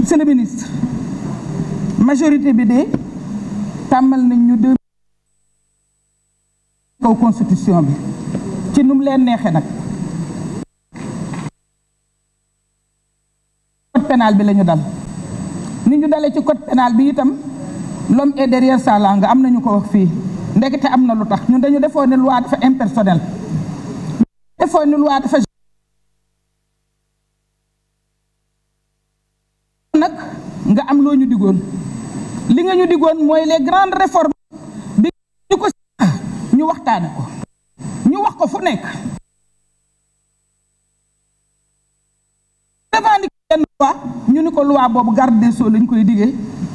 monsieur le ministre majorité bi de tàmmal nañ ñu deux kaw constitution bi ci nu leen neexee nag code pénal bi la ñu dal ni ñu dalee ci code pénal bi itam l'homme est derrière sa am na ñu ko wax fii ndekete am na lu tax ñun dañu defoo ne loi dafa impersonnel defoon ne loi dafa nag nga am loo ñu digoon li nga ñu digoon mooy les grandes réformes bi ñu ko ñu waxtaane ko ñu wax ko fu nekk revendiquer benn loi ñu ni ko loi boobu garde de sceaux lañ koy digee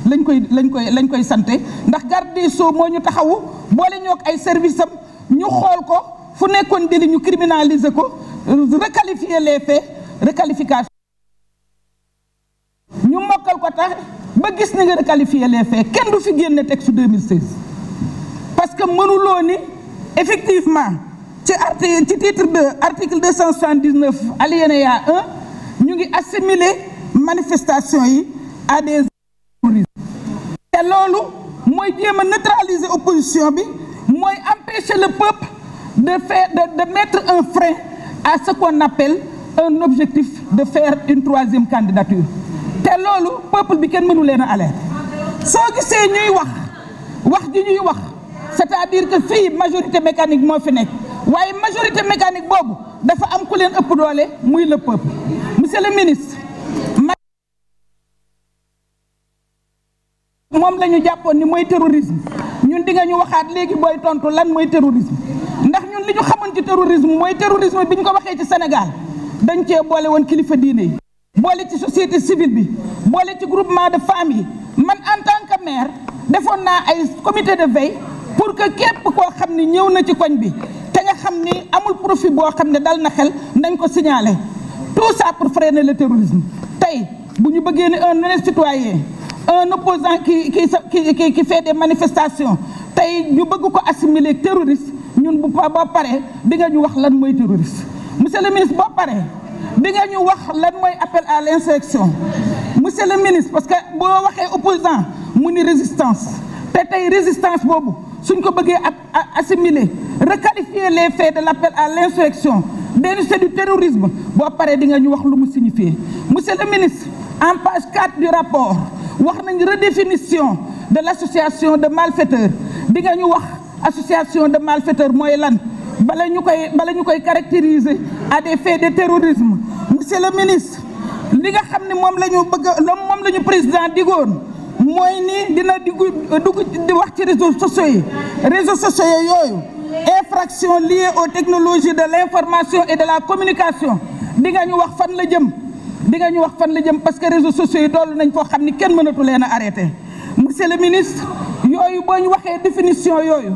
lañ koy lañ koy lañ koy sante ndax garde de sceaux moo ñu taxawu boole ñoo ak ay service am ñu xool ko fu nekkoon délit ñu criminaliser ko requalifier les faits requalification tax ba gis ni nga requalifier les faits kenn du fi génne texte 2016 parce que mënuloo ni effectivement ci article ci titre 2 article 279 alinéa 1 ñu ngi assimiler manifestation yi à des terroristes te mooy jéem a neutraliser opposition bi mooy empêcher le peuple de faire de de mettre un à ce qu'on objectif de faire une troisième candidature te loolu peuple bi kenn mënu leen a alerte soo gisee ñuy wax wax ji ñuy wax c'est-à-dire que fii majorité mécanique moo fi nekk waaye majorité mécanique boobu dafa am ku leen ëpp doole muy le peuple monsieur le ministre moom la jàppoon ni mooy terrorisme ñun di nga ñu waxaat léegi booy tontu lan mooy terrorisme ndax ñun li ñu xamoon ci terrorisme mooy terrorisme bi ñu ko waxee ci senegal dañ cee boole woon kilifa diine yi boole ci société civile bi boole ci groupement de femmes yi man en tant que maire defoon naa ay commité de veille pour que képp koo xam ni ñëw na ci koñ bi te nga xam ni amul profit boo xam ne dal na xel nañ ko signale tout ça pour freiner le terrorisme tey bu ñu bëggee ne un honnête citoyen un opposant qui qui qui qui fait des manifestations tey ñu bëgg ko assimiler terroriste ñun bu boo pare di nga ñu wax lan mooy terroriste monsieur le ministre boo paree di nga ñu wax lan mooy appel à l'insurrection monsieur le ministre parce que boo waxee opposant mu ni résistance te tey résistance boobu suñ ko bëggee a assimiler requalifier les faits de l'appel à l'insurrection dénoncer du terrorisme boo paree di nga ñu wax lu mu signifier monsieur le ministre en page 4 du rapport wax nañ redéfinition de l'association de malfaiteurs di nga ñu wax association de malfaiteurs mooy lan bala ñu koy bala ñu koy caractériser à des de terrorisme monsieur le ministre li nga xam ne moom la ñu bëgg a moom la ñu président digoon mooy ni dina diggu dugg di wax ci réseaux sociaux yi réseaux sociaux yooyu infraction liée aux technologies de l'information et de la communication di nga ñu wax fan la jëm di nga ñu wax fan la jëm parce que réseaux sociaux yi doolu nañ koo xam ni kenn mënatu leen a arrêté monsieur le ministre yooyu boo ñu waxee définition yooyu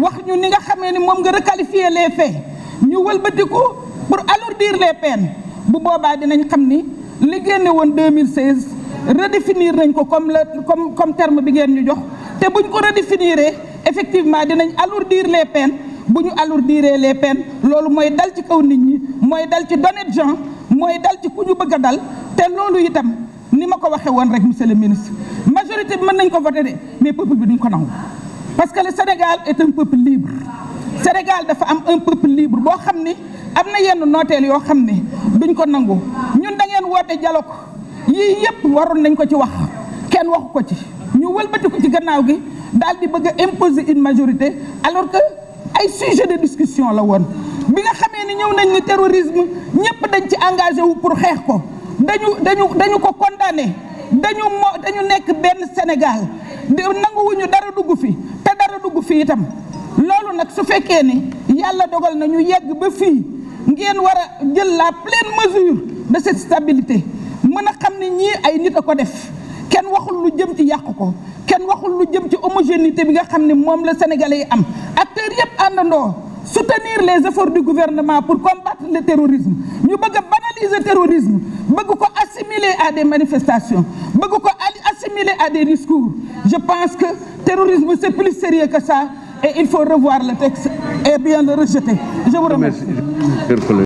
wax ñu ni nga xamee ni moom nga requalifier les faits ñu wëlbatiku pour alourdir les pen bu boobaa dinañ xam ni li génne woon 2016 redéfinir nañ ko comme comme comme terme bi ngeen ñu jox te buñ ko redéfiniree effectivement dinañ alourdir les pen bu ñu alourdiree les peines loolu mooy dal ci kaw nit ñi mooy dal ci d'honnêtes gens mooy dal ci ku ñu bëgg a dal te loolu yitam ni ma ko waxee woon rek monsieur le ministre majorité bi mën nañ ko voter de mais peuple bi duñ ko nangu. parce que le Sénégal est un peuple libre Sénégal dafa am un peuple libre boo xam ni am na yenn nooteel yoo xam ni duñ ko nangu ñun da ngeen woote ko yii yëpp waroon nañ ko ci wax kenn waxu ko ci ñu wëlbati ko ci gannaaw gi daal di bëgg a une majorité alors que ay sujet de discussion la woon bi nga xamee ni ñëw nañ ni terrorisme ñëpp dañ ci engagé wu pour xeex ko dañu dañu dañu ko condamné dañu dañu nekk benn Sénégal nanguwuñu dara dugg fi te dara dugg fi itam loolu nag su fekkee ni yàlla dogal na ñu yegg ba fii ngeen war a jël la pleine mesure de cette stabilité mën a xam ni ñii ay nit a ko def kenn waxul lu jëm ci yàq ko kenn waxul lu jëm ci homogénéité bi nga xam ni moom la sénégalais yi am acteurs yëpp àndandoo. soutenir les efforts du gouvernement pour combattre le terrorisme ñu bëgg a banaliser terrorisme bëgg ko assimiler à des manifestations bëgg ko assimiler à des discours je pense que terrorisme c'est plus sérieux que ça et il faut revoir le texte et bien le rejeter je vous remercie